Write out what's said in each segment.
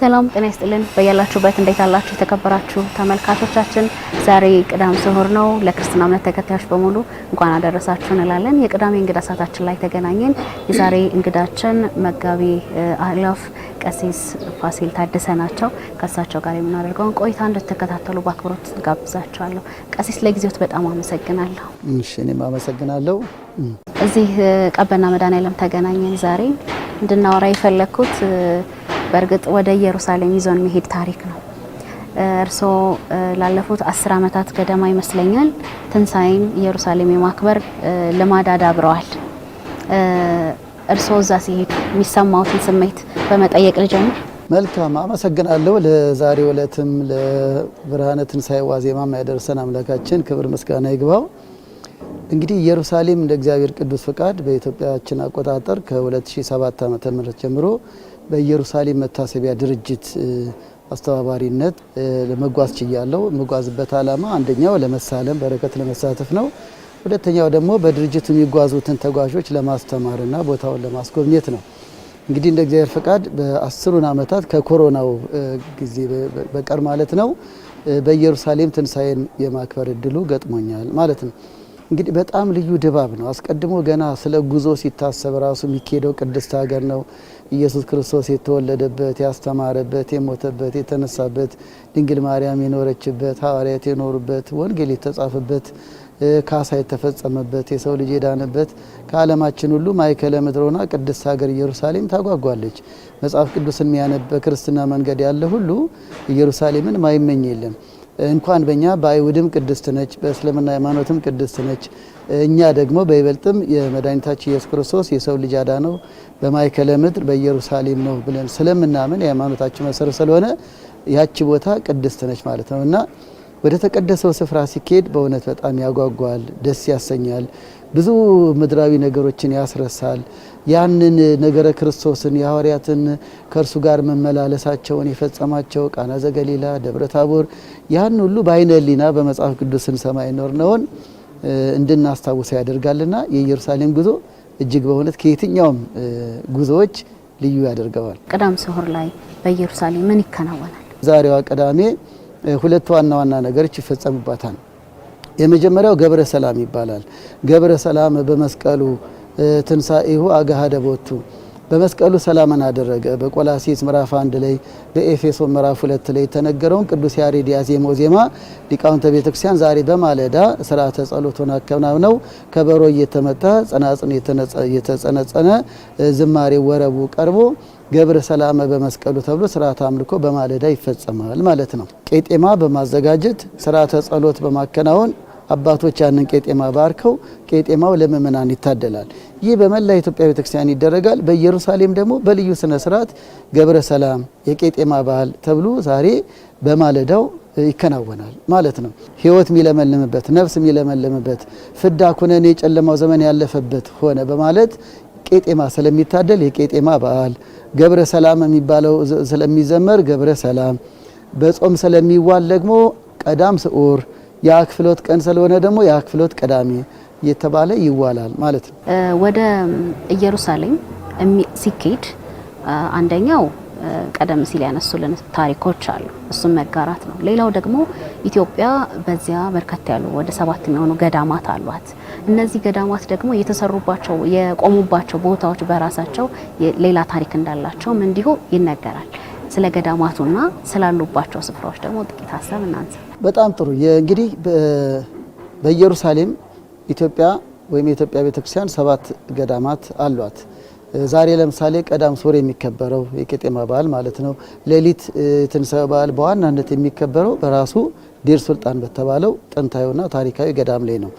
ሰላም ጤና ይስጥልን። በያላችሁበት እንዴት አላችሁ? የተከበራችሁ ተመልካቾቻችን፣ ዛሬ ቅዳም ስሁር ነው። ለክርስትና እምነት ተከታዮች በሙሉ እንኳን አደረሳችሁ እንላለን። የቅዳሜ እንግዳ ሰዓታችን ላይ ተገናኘን። የዛሬ እንግዳችን መጋቢ አላፍ ቀሲስ ፋሲል ታደሰ ናቸው። ከእሳቸው ጋር የምናደርገውን ቆይታ እንድትከታተሉ በአክብሮት ጋብዛችኋለሁ። ቀሲስ ለጊዜዎት በጣም አመሰግናለሁ። እኔም አመሰግናለሁ። እዚህ ቀበና መድኃኔዓለም ተገናኘን። ዛሬ እንድናወራ የፈለግኩት በእርግጥ ወደ ኢየሩሳሌም ይዞን መሄድ ታሪክ ነው። እርስዎ ላለፉት አስር ዓመታት ገደማ ይመስለኛል ትንሣኤን ኢየሩሳሌም የማክበር ልማድ አዳብረዋል። እርስዎ እዛ ሲሄዱ የሚሰማዎትን ስሜት በመጠየቅ ልጀምር። መልካም አመሰግናለሁ። ለዛሬው ዕለትም ለብርሃነ ትንሣኤ ዋዜማ ያደረሰን አምላካችን ክብር ምስጋና ይግባው። እንግዲህ ኢየሩሳሌም እንደ እግዚአብሔር ቅዱስ ፍቃድ በኢትዮጵያችን አቆጣጠር ከ2007 ዓ.ም ጀምሮ በኢየሩሳሌም መታሰቢያ ድርጅት አስተባባሪነት ለመጓዝ ችያለው። የምጓዝበት ዓላማ አንደኛው ለመሳለም በረከት ለመሳተፍ ነው። ሁለተኛው ደግሞ በድርጅቱ የሚጓዙትን ተጓዦች ለማስተማርና ቦታውን ለማስጎብኘት ነው። እንግዲህ እንደ እግዚአብሔር ፈቃድ በአስሩን ዓመታት ከኮሮናው ጊዜ በቀር ማለት ነው በኢየሩሳሌም ትንሣኤን የማክበር እድሉ ገጥሞኛል ማለት ነው። እንግዲህ በጣም ልዩ ድባብ ነው። አስቀድሞ ገና ስለ ጉዞ ሲታሰብ ራሱ የሚካሄደው ቅድስት ሀገር ነው ኢየሱስ ክርስቶስ የተወለደበት ያስተማረበት የሞተበት የተነሳበት ድንግል ማርያም የኖረችበት ሐዋርያት የኖሩበት ወንጌል የተጻፈበት ካሳ የተፈጸመበት የሰው ልጅ የዳነበት ከዓለማችን ሁሉ ማይከለ ምድሮና ቅድስት ሀገር ኢየሩሳሌም ታጓጓለች። መጽሐፍ ቅዱስ የሚያነብ በክርስትና መንገድ ያለ ሁሉ ኢየሩሳሌምን ማይመኝ የለም። እንኳን በእኛ በአይሁድም ቅድስት ነች፣ በእስልምና ሃይማኖትም ቅድስት ነች። እኛ ደግሞ በይበልጥም የመድኃኒታችን ኢየሱስ ክርስቶስ የሰው ልጅ አዳነው በማይከለ ምድር በኢየሩሳሌም ነው ብለን ስለምናምን የሃይማኖታችን መሰረት ስለሆነ ያቺ ቦታ ቅድስት ነች ማለት ነው እና ወደ ተቀደሰው ስፍራ ሲኬድ በእውነት በጣም ያጓጓል፣ ደስ ያሰኛል። ብዙ ምድራዊ ነገሮችን ያስረሳል። ያንን ነገረ ክርስቶስን የሐዋርያትን ከእርሱ ጋር መመላለሳቸውን የፈጸማቸው ቃና ዘገሊላ፣ ደብረ ታቦር ያን ሁሉ በአይነ ሕሊና በመጽሐፍ ቅዱስን ሰማይ ኖርነውን እንድናስታውሰ ያደርጋልና የኢየሩሳሌም ጉዞ እጅግ በእውነት ከየትኛውም ጉዞዎች ልዩ ያደርገዋል። ቅዳም ስዑር ላይ በኢየሩሳሌም ምን ይከናወናል? ዛሬዋ ቅዳሜ ሁለት ዋና ዋና ነገሮች ይፈጸሙባታል። የመጀመሪያው ገብረ ሰላም ይባላል። ገብረ ሰላም በመስቀሉ ትንሣኤሁ አጋሃደ ቦቱ በመስቀሉ ሰላምን አደረገ። በቆላሲስ ምዕራፍ አንድ ላይ በኤፌሶን ምዕራፍ ሁለት ላይ የተነገረውን ቅዱስ ያሬድ ያዜመው ዜማ ሊቃውንተ ቤተ ክርስቲያን ዛሬ በማለዳ ስርዓተ ጸሎቱን አከናውነው ከበሮ እየተመታ ጸናጽን እየተጸነጸነ ዝማሬ ወረቡ ቀርቦ ገብረ ሰላመ በመስቀሉ ተብሎ ስርዓተ አምልኮ በማለዳ ይፈጸማል ማለት ነው። ቄጤማ በማዘጋጀት ስርዓተ ጸሎት በማከናወን አባቶች ያንን ቄጤማ ባርከው ቄጤማው ለምእመናን ይታደላል። ይህ በመላ ኢትዮጵያ ቤተክርስቲያን ይደረጋል። በኢየሩሳሌም ደግሞ በልዩ ስነ ስርዓት ገብረ ሰላም የቄጤማ በዓል ተብሎ ዛሬ በማለዳው ይከናወናል ማለት ነው። ህይወት የሚለመልምበት ነፍስ የሚለመልምበት ፍዳ ኩነኔ የጨለማው ዘመን ያለፈበት ሆነ በማለት ቄጤማ ስለሚታደል የቄጤማ በዓል ገብረ ሰላም የሚባለው ስለሚዘመር ገብረ ሰላም በጾም ስለሚዋል ደግሞ ቀዳም ስዑር የአክፍሎት ቀን ስለሆነ ደግሞ የአክፍሎት ቀዳሚ እየተባለ ይዋላል ማለት ነው። ወደ ኢየሩሳሌም ሲኬድ አንደኛው ቀደም ሲል ያነሱልን ታሪኮች አሉ፣ እሱም መጋራት ነው። ሌላው ደግሞ ኢትዮጵያ በዚያ በርከት ያሉ ወደ ሰባት የሚሆኑ ገዳማት አሏት። እነዚህ ገዳማት ደግሞ የተሰሩባቸው የቆሙባቸው ቦታዎች በራሳቸው ሌላ ታሪክ እንዳላቸውም እንዲሁ ይነገራል። ስለ ገዳማቱና ስላሉባቸው ስፍራዎች ደግሞ ጥቂት ሀሳብ እናንሳ። በጣም ጥሩ እንግዲህ በኢየሩሳሌም ኢትዮጵያ ወይም የኢትዮጵያ ቤተክርስቲያን ሰባት ገዳማት አሏት። ዛሬ ለምሳሌ ቀዳም ሶር የሚከበረው የቄጤማ በዓል ማለት ነው። ሌሊት ትንሣኤ በዓል በዋናነት የሚከበረው በራሱ ዴር ሱልጣን በተባለው ጥንታዊና ታሪካዊ ገዳም ላይ ነው።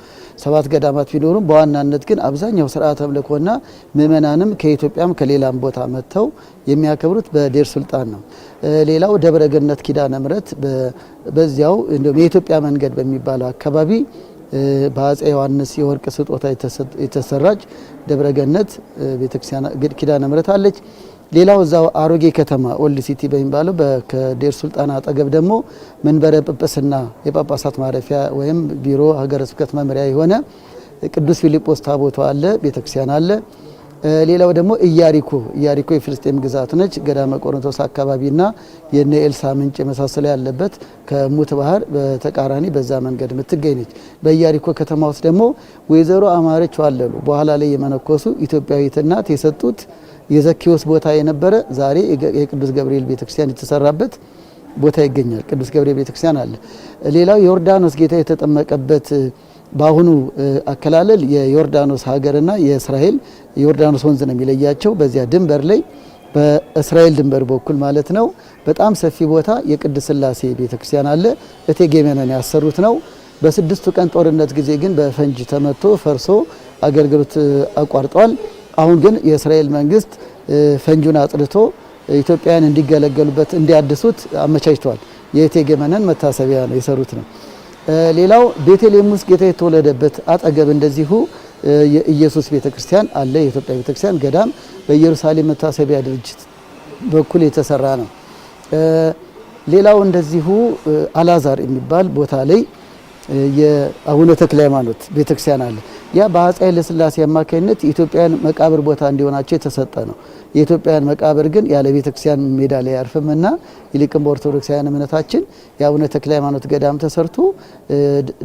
ሰባት ገዳማት ቢኖሩም በዋናነት ግን አብዛኛው ስርዓተ አምልኮና ምእመናንም ከኢትዮጵያም ከሌላም ቦታ መጥተው የሚያከብሩት በዴር ሱልጣን ነው። ሌላው ደብረ ገነት ኪዳነ ምሕረት በዚያው እንዲሁም የኢትዮጵያ መንገድ በሚባለው አካባቢ በአፄ ዮሐንስ የወርቅ ስጦታ የተሰራች ደብረ ገነት ቤተክርስቲያን ኪዳነ ምሕረት አለች። ሌላው እዛው አሮጌ ከተማ ኦልድ ሲቲ በሚባለው ከዴር ሱልጣን አጠገብ ደግሞ መንበረ ጵጵስና የጳጳሳት ማረፊያ ወይም ቢሮ ሀገረ ስብከት መምሪያ የሆነ ቅዱስ ፊልጶስ ታቦቶ አለ፣ ቤተክርስቲያን አለ። ሌላው ደግሞ ኢያሪኮ ኢያሪኮ የፍልስጤም ግዛት ነች። ገዳመ ቆሮንቶስ አካባቢና የነ ኤልሳ ምንጭ የመሳሰለ ያለበት ከሙት ባህር በተቃራኒ በዛ መንገድ የምትገኝ ነች። በኢያሪኮ ከተማ ውስጥ ደግሞ ወይዘሮ አማረች ዋለሉ በኋላ ላይ የመነኮሱ ኢትዮጵያዊት እናት የሰጡት የዘኪዎስ ቦታ የነበረ ዛሬ የቅዱስ ገብርኤል ቤተክርስቲያን የተሰራበት ቦታ ይገኛል። ቅዱስ ገብርኤል ቤተክርስቲያን አለ። ሌላው ዮርዳኖስ ጌታ የተጠመቀበት በአሁኑ አከላለል የዮርዳኖስ ሀገርና የእስራኤል ዮርዳኖስ ወንዝ ነው የሚለያቸው። በዚያ ድንበር ላይ በእስራኤል ድንበር በኩል ማለት ነው በጣም ሰፊ ቦታ የቅድስት ስላሴ ቤተክርስቲያን አለ። እቴጌ መነን ያሰሩት ነው። በስድስቱ ቀን ጦርነት ጊዜ ግን በፈንጅ ተመቶ ፈርሶ አገልግሎት አቋርጧል። አሁን ግን የእስራኤል መንግስት ፈንጁን አጽድቶ ኢትዮጵያውያን እንዲገለገሉበት እንዲያድሱት አመቻችቷል። የእቴጌ መነን መታሰቢያ ነው የሰሩት ነው። ሌላው ቤተልሔም ውስጥ ጌታ የተወለደበት አጠገብ እንደዚሁ የኢየሱስ ቤተክርስቲያን አለ። የኢትዮጵያ ቤተክርስቲያን ገዳም በኢየሩሳሌም መታሰቢያ ድርጅት በኩል የተሰራ ነው። ሌላው እንደዚሁ አላዛር የሚባል ቦታ ላይ የአቡነ ተክለ ሃይማኖት ቤተክርስቲያን አለ። ያ በአፄ ኃይለ አማካኝነት የኢትዮጵያውያን መቃብር ቦታ እንዲሆናቸው የተሰጠ ነው። የኢትዮጵያን መቃብር ግን ያለ ቤተ ክርስቲያን ሜዳ ላይ አያርፍምና ይልቅም በኦርቶዶክሳውያን እምነታችን የአቡነ ተክለ ሃይማኖት ገዳም ተሰርቶ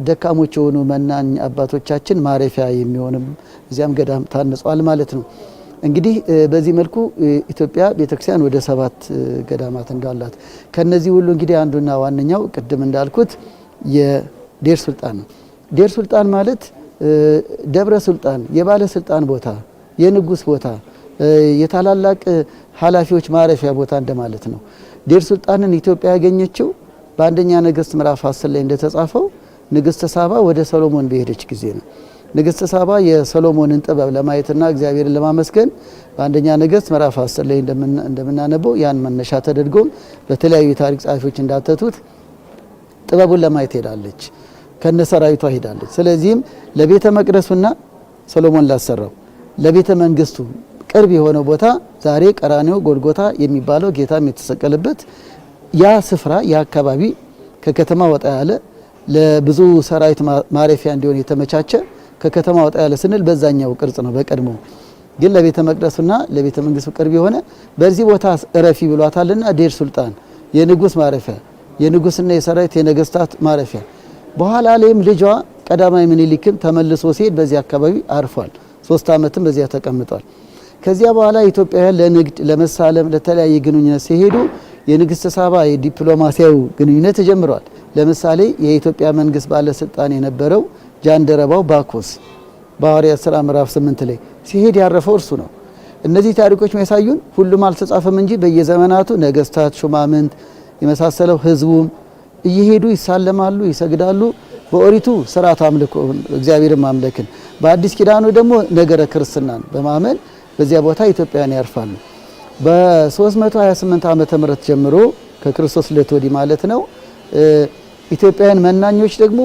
ደካሞች የሆኑ መናኝ አባቶቻችን ማረፊያ የሚሆንም እዚያም ገዳም ታንጿል ማለት ነው። እንግዲህ በዚህ መልኩ ኢትዮጵያ ቤተክርስቲያን ወደ ሰባት ገዳማት እንዳላት ከነዚህ ሁሉ እንግዲህ አንዱና ዋነኛው ቅድም እንዳልኩት የዴር ሱልጣን ነው። ዴር ሱልጣን ማለት ደብረ ስልጣን የባለስልጣን ቦታ፣ የንጉስ ቦታ፣ የታላላቅ ኃላፊዎች ማረፊያ ቦታ እንደማለት ነው። ዴር ሱልጣንን ኢትዮጵያ ያገኘችው በአንደኛ ነገስት ምዕራፍ 10 ላይ እንደተጻፈው ንግስተ ሳባ ወደ ሰሎሞን በሄደች ጊዜ ነው። ንግስተ ሳባ የሰሎሞንን ጥበብ ለማየትና እግዚአብሔርን ለማመስገን በአንደኛ ነገስት ምዕራፍ 10 ላይ እንደምናነበው ያን መነሻ ተደርጎም በተለያዩ የታሪክ ጸሐፊዎች እንዳተቱት ጥበቡን ለማየት ሄዳለች። ከነ ሰራዊቷ ሄዳለች። ስለዚህም ለቤተ መቅደሱና ሰሎሞን ላሰራው ለቤተ መንግስቱ ቅርብ የሆነ ቦታ ዛሬ ቀራኔው ጎልጎታ የሚባለው ጌታም የተሰቀለበት ያ ስፍራ ያ አካባቢ ከከተማ ወጣ ያለ ለብዙ ሰራዊት ማረፊያ እንዲሆን የተመቻቸ ከከተማ ወጣ ያለ ስንል በዛኛው ቅርጽ ነው። በቀድሞ ግን ለቤተ መቅደሱና ለቤተ መንግስቱ ቅርብ የሆነ በዚህ ቦታ እረፊ ብሏታልና ዴር ሱልጣን የንጉስ ማረፊያ የንጉስና የሰራዊት የነገስታት ማረፊያ በኋላ ላይም ልጇ ቀዳማዊ ምኒልክም ተመልሶ ሲሄድ በዚህ አካባቢ አርፏል። ሶስት ዓመትም በዚያ ተቀምጧል። ከዚያ በኋላ ኢትዮጵያውያን ለንግድ፣ ለመሳለም፣ ለተለያየ ግንኙነት ሲሄዱ የንግስት ሳባ የዲፕሎማሲያዊ ግንኙነት ተጀምሯል። ለምሳሌ የኢትዮጵያ መንግስት ባለስልጣን የነበረው ጃንደረባው ባኮስ በሐዋርያት ስራ ምዕራፍ 8 ላይ ሲሄድ ያረፈው እርሱ ነው። እነዚህ ታሪኮች የሚያሳዩን ሁሉም አልተጻፈም እንጂ በየዘመናቱ ነገስታት፣ ሹማምንት የመሳሰለው ህዝቡም እየሄዱ ይሳለማሉ፣ ይሰግዳሉ። በኦሪቱ ስርዓት አምልኮ እግዚአብሔር ማምለክን፣ በአዲስ ኪዳኑ ደግሞ ነገረ ክርስትናን በማመን በዚያ ቦታ ኢትዮጵያን ያርፋሉ። በ328 ዓመተ ምህረት ጀምሮ ከክርስቶስ ልደት ወዲህ ማለት ነው። ኢትዮጵያን መናኞች ደግሞ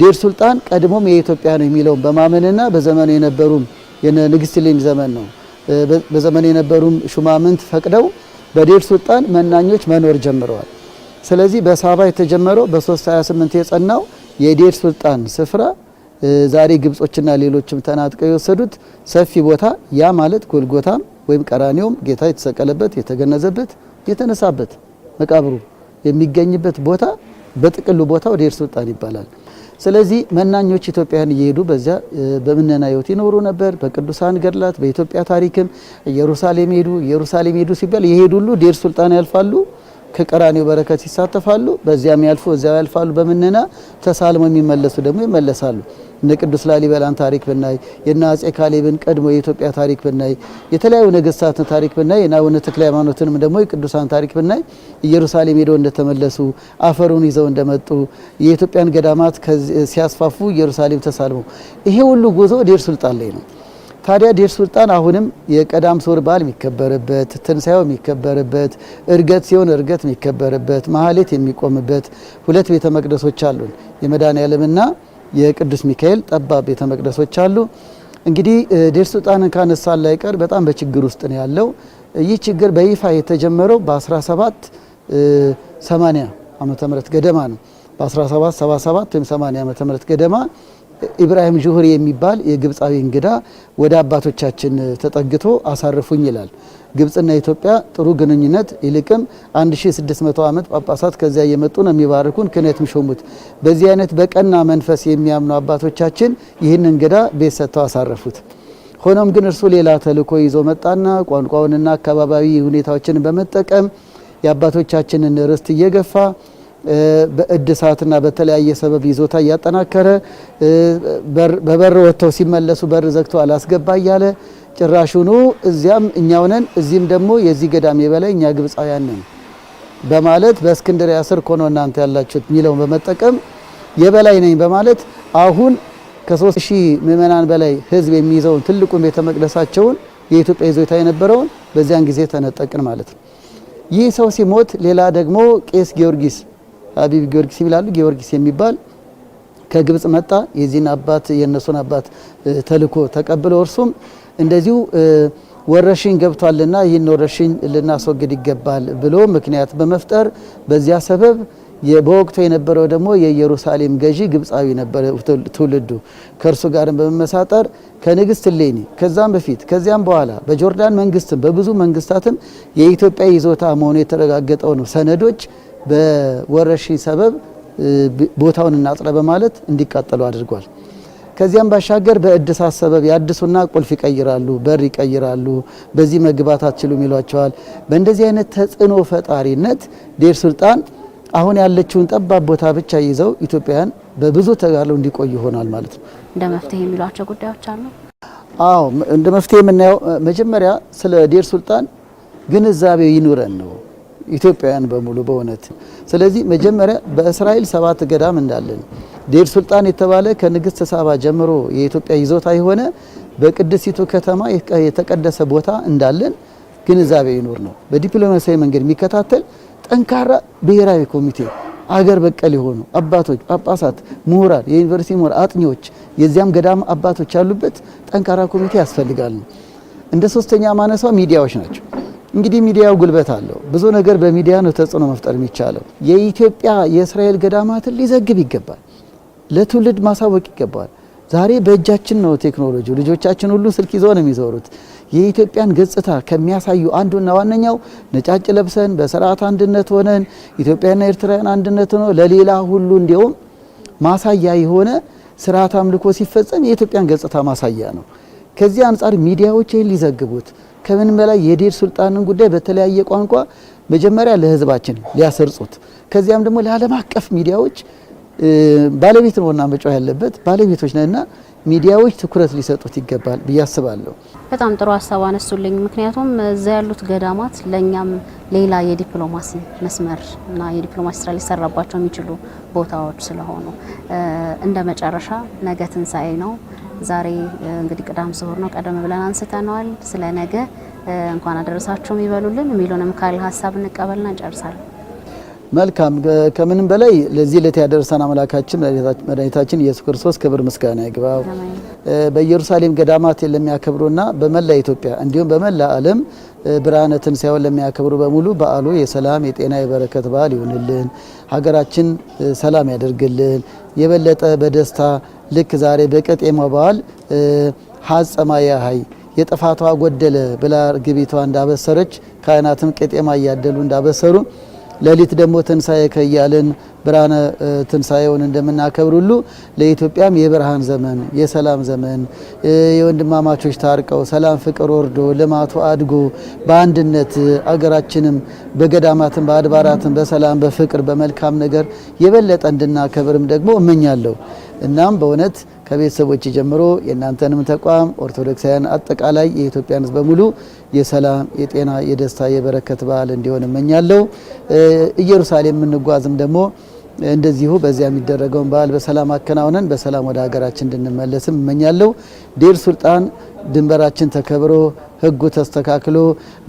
ዴር ሱልጣን ቀድሞም የኢትዮጵያ ነው የሚለውን በማመንና በዘመኑ የነበሩም የንግስት እሌኒ ዘመን ነው። በዘመኑ የነበሩም ሹማምንት ፈቅደው በዴር ሱልጣን መናኞች መኖር ጀምረዋል። ስለዚህ በሳባ የተጀመረው በ328 የጸናው የዴር ሱልጣን ስፍራ ዛሬ ግብጾችና ሌሎችም ተናጥቀው የወሰዱት ሰፊ ቦታ ያ ማለት ጎልጎታም ወይም ቀራኒውም ጌታ የተሰቀለበት የተገነዘበት የተነሳበት መቃብሩ የሚገኝበት ቦታ በጥቅሉ ቦታው ዴር ሱልጣን ይባላል። ስለዚህ መናኞች ኢትዮጵያን እየሄዱ በዚያ በምነና ይኖሩ ነበር። በቅዱሳን ገድላት፣ በኢትዮጵያ ታሪክም ኢየሩሳሌም ሄዱ ኢየሩሳሌም ሄዱ ሲባል የሄዱ ሁሉ ዴር ሱልጣን ያልፋሉ። ከቀራኔው በረከት ይሳተፋሉ። በዚያም ያልፉ እዚያ ያልፋሉ። በምንና ተሳልመው የሚመለሱ ደግሞ ይመለሳሉ። እነ ቅዱስ ላሊበላን ታሪክ ብናይ የነ አፄ ካሌብን ቀድሞ የኢትዮጵያ ታሪክ ብናይ የተለያዩ ነገስታትን ታሪክ ብናይ እና አቡነ ተክለ ሃይማኖትንም ደግሞ የቅዱሳን ታሪክ ብናይ ኢየሩሳሌም ሄደው እንደተመለሱ አፈሩን ይዘው እንደመጡ የኢትዮጵያን ገዳማት ሲያስፋፉ ኢየሩሳሌም ተሳልሞ ይሄ ሁሉ ጉዞ ዴር ሱልጣን ላይ ነው። ታዲያ ዴር ሱልጣን አሁንም የቀዳም ሶር በዓል የሚከበርበት፣ ትንሳኤው የሚከበርበት፣ እርገት ሲሆን እርገት የሚከበርበት፣ ማህሌት የሚቆምበት ሁለት ቤተ መቅደሶች አሉን። የመድኃኔዓለምና የቅዱስ ሚካኤል ጠባብ ቤተ መቅደሶች አሉ። እንግዲህ ዴር ሱልጣንን ካነሳን ላይቀር በጣም በችግር ውስጥ ነው ያለው። ይህ ችግር በይፋ የተጀመረው በ1780 ዓመተ ምህረት ገደማ ነው። በ1777 ወይም 80 ዓመተ ምህረት ገደማ ኢብራሂም ጁሁሪ የሚባል የግብፃዊ እንግዳ ወደ አባቶቻችን ተጠግቶ አሳርፉኝ ይላል። ግብፅና ኢትዮጵያ ጥሩ ግንኙነት ይልቅም 1600 ዓመት ጳጳሳት ከዚያ እየመጡ ነው የሚባርኩን፣ ክህነት የሚሾሙት። በዚህ አይነት በቀና መንፈስ የሚያምኑ አባቶቻችን ይህን እንግዳ ቤት ሰጥተው አሳረፉት። ሆኖም ግን እርሱ ሌላ ተልእኮ ይዞ መጣና ቋንቋውንና አካባቢያዊ ሁኔታዎችን በመጠቀም የአባቶቻችንን ርስት እየገፋ በእድሳትና በተለያየ ሰበብ ይዞታ እያጠናከረ በበር ወጥተው ሲመለሱ በር ዘግተው አላስገባ እያለ ጭራሹኑ እዚያም እኛው ነን እዚህም ደግሞ የዚህ ገዳም የበላይ እኛ ግብፃውያን ነን በማለት በእስክንድሪያ ስር ኮኖ እናንተ ያላችሁት የሚለውን በመጠቀም የበላይ ነኝ በማለት አሁን ከሶስት ሺህ ምእመናን በላይ ህዝብ የሚይዘውን ትልቁን ቤተ መቅደሳቸውን የኢትዮጵያ ይዞታ የነበረውን በዚያን ጊዜ ተነጠቅን ማለት ነው። ይህ ሰው ሲሞት ሌላ ደግሞ ቄስ ጊዮርጊስ አቢብ ጊዮርጊስ ይላሉ። ጊዮርጊስ የሚባል ከግብጽ መጣ። የዚህን አባት የእነሱን አባት ተልኮ ተቀብለው እርሱም እንደዚሁ ወረሽኝ ገብቷልና ይህን ወረሽኝ ልናስወግድ ይገባል ብሎ ምክንያት በመፍጠር በዚያ ሰበብ በወቅቱ የነበረው ደግሞ የኢየሩሳሌም ገዢ ግብፃዊ ነበረ ትውልዱ። ከእርሱ ጋርም በመመሳጠር ከንግስት ሌኒ ከዛም በፊት ከዚያም በኋላ በጆርዳን መንግስትም በብዙ መንግስታትም የኢትዮጵያ ይዞታ መሆኑ ነው ሰነዶች በወረርሽኝ ሰበብ ቦታውን እናጥረ በማለት እንዲቃጠሉ አድርጓል። ከዚያም ባሻገር በእድሳት ሰበብ ያድሱና ቁልፍ ይቀይራሉ፣ በር ይቀይራሉ፣ በዚህ መግባት አትችሉም ይሏቸዋል። በእንደዚህ አይነት ተጽዕኖ ፈጣሪነት ዴር ሱልጣን አሁን ያለችውን ጠባብ ቦታ ብቻ ይዘው ኢትዮጵያውያን በብዙ ተጋድለው እንዲቆዩ ይሆናል ማለት ነው። እንደ መፍትሄ የሚሏቸው ጉዳዮች አሉ። አዎ እንደ መፍትሄ የምናየው መጀመሪያ ስለ ዴር ሱልጣን ግንዛቤ ይኑረን ነው። ኢትዮጵያውያን በሙሉ በእውነት ስለዚህ መጀመሪያ በእስራኤል ሰባት ገዳም እንዳለን ዴር ሱልጣን የተባለ ከንግስት ሳባ ጀምሮ የኢትዮጵያ ይዞታ የሆነ በቅድስቱ ከተማ የተቀደሰ ቦታ እንዳለን ግንዛቤ ይኖር ነው። በዲፕሎማሲያዊ መንገድ የሚከታተል ጠንካራ ብሔራዊ ኮሚቴ አገር በቀል የሆኑ አባቶች፣ ጳጳሳት፣ ምሁራን፣ የዩኒቨርሲቲ ምሁራን፣ አጥኚዎች የዚያም ገዳም አባቶች ያሉበት ጠንካራ ኮሚቴ ያስፈልጋል። እንደ ሶስተኛ ማነሷ ሚዲያዎች ናቸው። እንግዲህ ሚዲያው ጉልበት አለው። ብዙ ነገር በሚዲያ ነው ተጽዕኖ መፍጠር የሚቻለው። የኢትዮጵያ የእስራኤል ገዳማትን ሊዘግብ ይገባል፣ ለትውልድ ማሳወቅ ይገባል። ዛሬ በእጃችን ነው ቴክኖሎጂ። ልጆቻችን ሁሉ ስልክ ይዘው ነው የሚዞሩት። የኢትዮጵያን ገጽታ ከሚያሳዩ አንዱና ዋነኛው ነጫጭ ለብሰን በስርዓት አንድነት ሆነን ኢትዮጵያና ኤርትራውያን አንድነት ሆኖ ለሌላ ሁሉ እንዲሁም ማሳያ የሆነ ስርዓት አምልኮ ሲፈጸም የኢትዮጵያን ገጽታ ማሳያ ነው። ከዚህ አንጻር ሚዲያዎች ይህን ሊዘግቡት ከምን በላይ የዴር ሱልጣንን ጉዳይ በተለያየ ቋንቋ መጀመሪያ ለህዝባችን ሊያሰርጹት ከዚያም ደግሞ ለዓለም አቀፍ ሚዲያዎች ባለቤት ነውና መጫወት ያለበት ባለቤቶች ነና ሚዲያዎች ትኩረት ሊሰጡት ይገባል ብዬ አስባለሁ። በጣም ጥሩ ሀሳብ አነሱልኝ። ምክንያቱም እዛ ያሉት ገዳማት ለእኛም ሌላ የዲፕሎማሲ መስመር እና የዲፕሎማሲ ስራ ሊሰራባቸው የሚችሉ ቦታዎች ስለሆኑ እንደ መጨረሻ ነገ ትንሣኤ ነው። ዛሬ እንግዲህ ቅዳም ስዑር ነው፣ ቀደም ብለን አንስተነዋል። ስለ ነገ እንኳን አደረሳችሁም ይበሉልን የሚለውንም ካል ሀሳብ እንቀበልና እንጨርሳለን። መልካም ከምንም በላይ ለዚህ ዕለት ያደረሰን አምላካችን መድኃኒታችን ኢየሱስ ክርስቶስ ክብር ምስጋና ይግባው። በኢየሩሳሌም ገዳማት ለሚያከብሩና በመላ ኢትዮጵያ እንዲሁም በመላ ዓለም ብርሃነ ትንሣኤውን ለሚያከብሩ በሙሉ በዓሉ የሰላም የጤና የበረከት በዓል ይሁንልን። ሀገራችን ሰላም ያደርግልን። የበለጠ በደስታ ልክ ዛሬ በቀጤማ በዓል ሀጸማ ያሀይ የጥፋቷ ጎደለ ብላ ግቢቷ እንዳበሰረች ካህናትም ቀጤማ እያደሉ እንዳበሰሩ ሌሊት ደግሞ ትንሳኤ ከያልን ብርሃነ ትንሳኤውን እንደምናከብር ሁሉ ለኢትዮጵያም የብርሃን ዘመን፣ የሰላም ዘመን የወንድማማቾች ታርቀው ሰላም ፍቅር ወርዶ ልማቱ አድጎ በአንድነት አገራችንም በገዳማትም በአድባራትም በሰላም በፍቅር በመልካም ነገር የበለጠ እንድናከብርም ደግሞ እመኛለሁ። እናም በእውነት ከቤተሰቦች ጀምሮ የእናንተንም ተቋም ኦርቶዶክሳውያን አጠቃላይ የኢትዮጵያን ሕዝብ በሙሉ የሰላም፣ የጤና፣ የደስታ፣ የበረከት በዓል እንዲሆን እመኛለሁ። ኢየሩሳሌም የምንጓዝም ደግሞ እንደዚሁ በዚያ የሚደረገውን በዓል በሰላም አከናውነን በሰላም ወደ ሀገራችን እንድንመለስም እመኛለሁ። ዴር ሱልጣን ድንበራችን ተከብሮ ህጉ ተስተካክሎ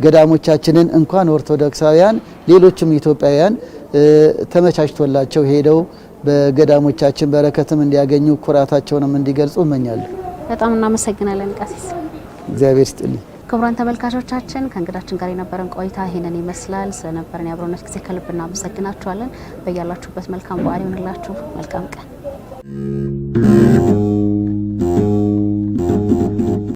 ገዳሞቻችንን እንኳን ኦርቶዶክሳውያን ሌሎችም ኢትዮጵያውያን ተመቻችቶላቸው ሄደው በገዳሞቻችን በረከትም እንዲያገኙ ኩራታቸውንም እንዲገልጹ እመኛለሁ። በጣም እናመሰግናለን ቀሲስ፣ እግዚአብሔር ይስጥልኝ። ክቡራን ተመልካቾቻችን ከእንግዳችን ጋር የነበረን ቆይታ ይህንን ይመስላል። ስለነበረን የአብሮነት ጊዜ ከልብ እናመሰግናችኋለን። በያላችሁበት መልካም በዓል ይሆንላችሁ። መልካም ቀን